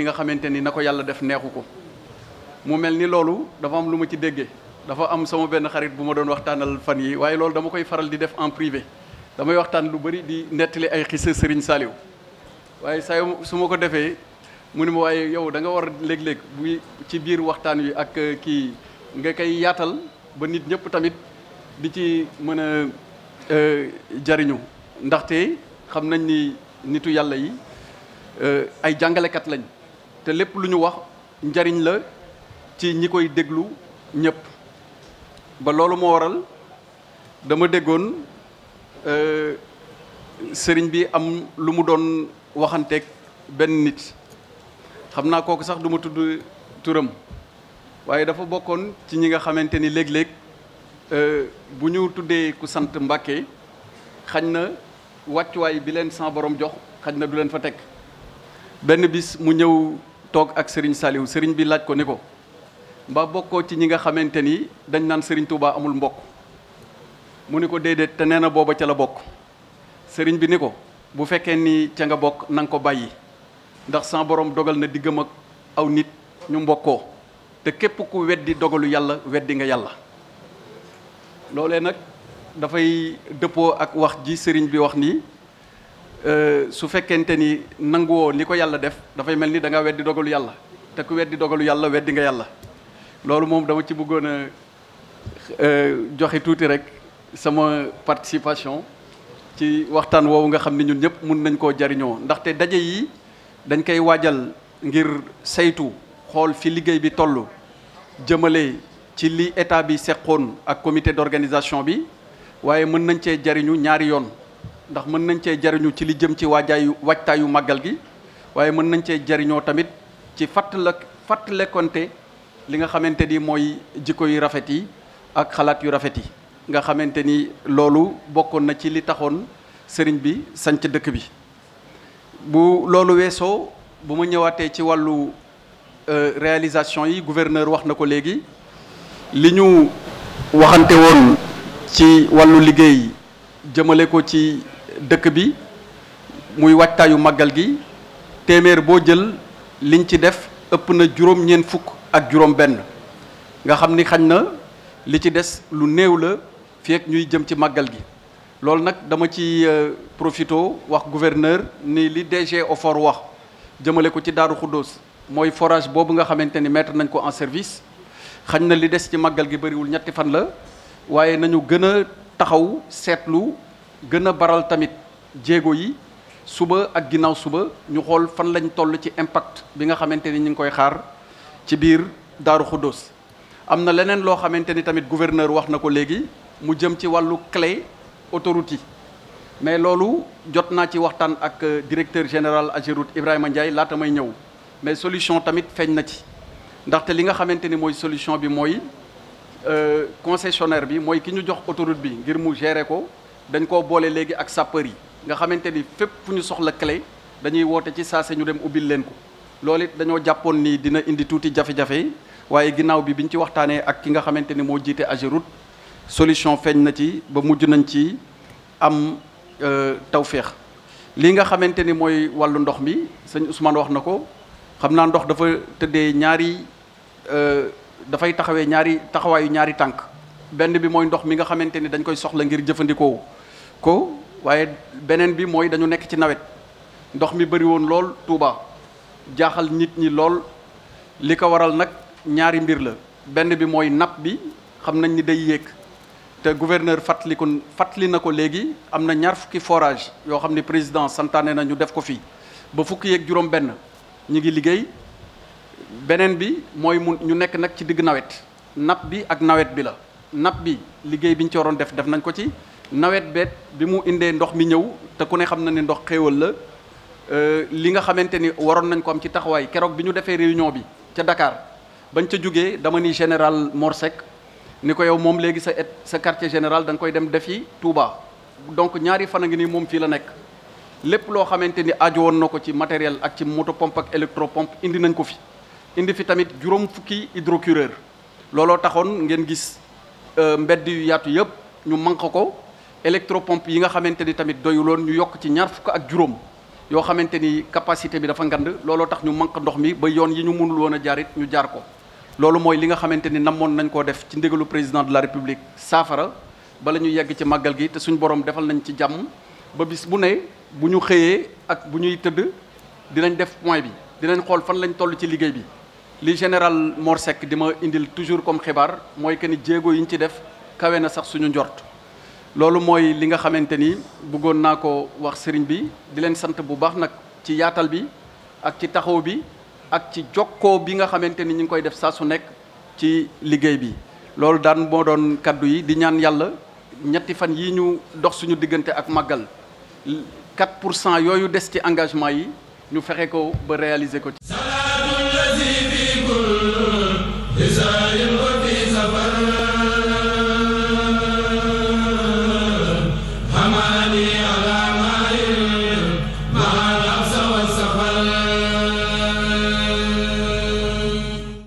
ki nga xamante ni na ko yàlla def neexu ko mu mel ni loolu dafa am lu ma ci déggee dafa am sama benn xarit bu ma doon waxtaanal fan yi waaye loolu dama koy faral di def en privé damay waxtaan lu bëri di nettali ay xisa Serigne Saliou waaye saa su ma ko defee mu ni ma waaye yow danga nga war léeg-léeg bu ci biir waxtaan wi ak eh, kii nga koy yaatal ba nit ñëpp tamit di ci mën a eh, jariñu ndaxte xam nañ ni nitu yàlla yi eh, ay jàngalekat lañ te lepp luñu wax njariñ la ci ñi koy déglu ba loolu mo waral dama euh sëriñ bi am lu mu doon waxanteeg ben nit xamna koku sax duma tuddu turam waye dafa bokkon ci ñi nga xamanteni ni leg euh bu ñu tuddee ku sant mbacké xañ na way bi len sa borom jox xañ du len fa tek ben bis mu ñew tok ak Serigne saliw Serigne bi laj ko ni ko mbaa bokkoo ci ñi nga xamanteni dañ nan Serigne Touba amul mbokk mu ni ko dede te neena na ci la bokk Serigne bi ni ko bu fekke ni ci nga bokk nang ko bayyi ndax sa borom dogal na digam ak aw nit ñu mbokko te kep ku weddi dogalu yalla weddi nga lolé nak da fay depo ak wax ji Serigne bi wax ni Euh, su fekkente ni nanguwoo li ko yàlla def dafay mel ni da nga weddi dogalu yàlla te ku weddi dogalu yàlla weddi nga yàlla loolu moom dama ci bëggoon a euh, joxe tuuti rek sama participation ci waxtaan woowu nga xam ni ñun ñëpp mun nañ koo jariñoo ndaxte daje yi dañ koy waajal ngir saytu xool fi liggéey bi toll jëmale ci li état bi seqoon ak comité d'organisation bi waaye mën nañ cee jariñu ñaari yoon ndax mën nañ cee jariñu ci li jëm ci waajaayu waajtaayu màggal gi waaye mën nañ cee jariñoo tamit ci fàttala fàttalekonte li nga xamante ni mooy jikko yu rafet yi ak xalaat yu rafet yi nga xamante ni loolu bokkoon na ci li taxoon sëriñ bi sanc dëkk bi bu loolu weesoo bu ma ñëwaatee ci wàllu euh, réalisation yi gouverneur wax na ko léegi li ñu waxante woon ci wàllu liggéey jëmale ko ci dëkk bi muy waajtaayu màggal gi téeméer boo jël liñ ci def ëpp na juróom ñeent fukk ak juróom benn nga xam ni xañ na li ci des lu néew la fi ak ñuy jëm ci màggal gi loolu nag dama ci euh, profito wax gouverneur ni li DG OFOR wax jëmale ko ci Daaru Xuddoos mooy forage boobu nga xamante ni mettre nañ ko en service xañ na li des ci màggal gi bariwul ñetti fan la waaye nañu gën a taxaw seetlu gën a baral tamit jéego yi suba ak ginnaaw suba ñu xool fan lañ toll ci impact bi nga xamante ni ñu ngi koy xaar ci biir Daaru Xuddoos am na leneen loo xamante ni tamit gouverneur wax na ko léegi mu jëm ci wàllu clé autoroute yi mais loolu jot naa ci waxtaan ak euh, directeur général Ageroute Ibrahima Ndiaye laata may ñëw mais solution tamit feeñ na ci ndaxte li nga xamante ni mooy solution bi mooy euh, concessionnaire bi mooy ki ñu jox autorite bi ngir mu gérer ko dañ koo boole léegi ak sapeur yi nga xamante ni fépp fu ñu soxla clé dañuy woote ci saa saase ñu dem ubbil leen ko loolu it dañoo jàppoon nii dina indi tuuti jafe-jafe waaye ginnaaw bi biñ ci waxtaanee ak ki nga xamante ni moo jiite Ageroute solution feeñ na ci ba mujj nañ ci am euh, tawféex li nga xamante ni mooy wàllu ndox mi sëñ Ousmane wax na ko xam naa ndox dafa tëddee ñaari euh, dafay taxawee ñaari taxawaayu ñaari tànk benn bi mooy ndox mi nga xamante ni dañ koy soxla ngir jëfandikoo ko waaye beneen bi mooy dañu nekk ci nawet ndox mi bëri lool Touba jaaxal nit ñi lool li ko waral nag ñaari mbir la benn bi mooy napp bi xam nañ ni day yéeg te gouverneur fàttali ko fàttali na ko léegi am na ñaar fukki forage yoo xam ne président santane na ñu def ko fii ba fukki yéeg juróom-benn ñu ngi liggéey beneen bi mooy mu ñu nekk nag ci diggu nawet napp bi ak nawet bi la. Nabi, bi liggéey bi ci waron def def nañ ko ci nawet bet bi mu indé ndox mi ñew te ku ne xam na waron ndox xewal la euh, li nga xamanteni waron nañ ko am ci taxaway kérok biñu défé réunion bi ci Dakar bañ ca juggé dama ni général Morsek niko yow mom légui sa sa quartier général dang koy dem defi Touba donc ñaari fan a ngi nii moom fii la nek lepp lo xamanteni ni won nako ci matériel ak ci moto pompe ak pompe indi nañ ko fi indi fi tamit juróom fukki hydrocureur lolo taxone ngeen gis Euh, mbedd yu yaatu yëpp ñu manqué ko électropompe yi nga xamante ni tamit doyuloon ñu yokk ci ñaar fukk ak juróom yoo xamante ni capacité bi dafa ngand looloo tax ñu manqué ndox mi ba yoon yi ñu mënul woon a jaar ñu jaar ko loolu mooy li nga xamante ni namoon nañ koo def ci ndigalu président de la république saafara bala ñu yegg ci màggal gi te suñ borom defal nañ ci jàmm ba bis bu ne bu ñu xëyee ak bu ñuy tëdd dinañ def point bi dinañ xool fan lañ toll ci liggéey bi li général Morsek dima indil toujours comme xibar moy que ni jéego yi ci def kawena na sax suñu njort lolu moy li nga xamanteni ni ko wax serigne bi di len sante bu baax nak ci yaatal bi ak ci taxaw bi ak ci jokkoo bi nga xamanteni ñing koy def sa su nek ci liggey bi. lolu daan moo doon kaddu yi di ñaan yalla ñetti fan yi ñu dox suñu diggante ak magal 4 yoyu dess ci engagement yi ñu fexé ko ba réaliser ko ci.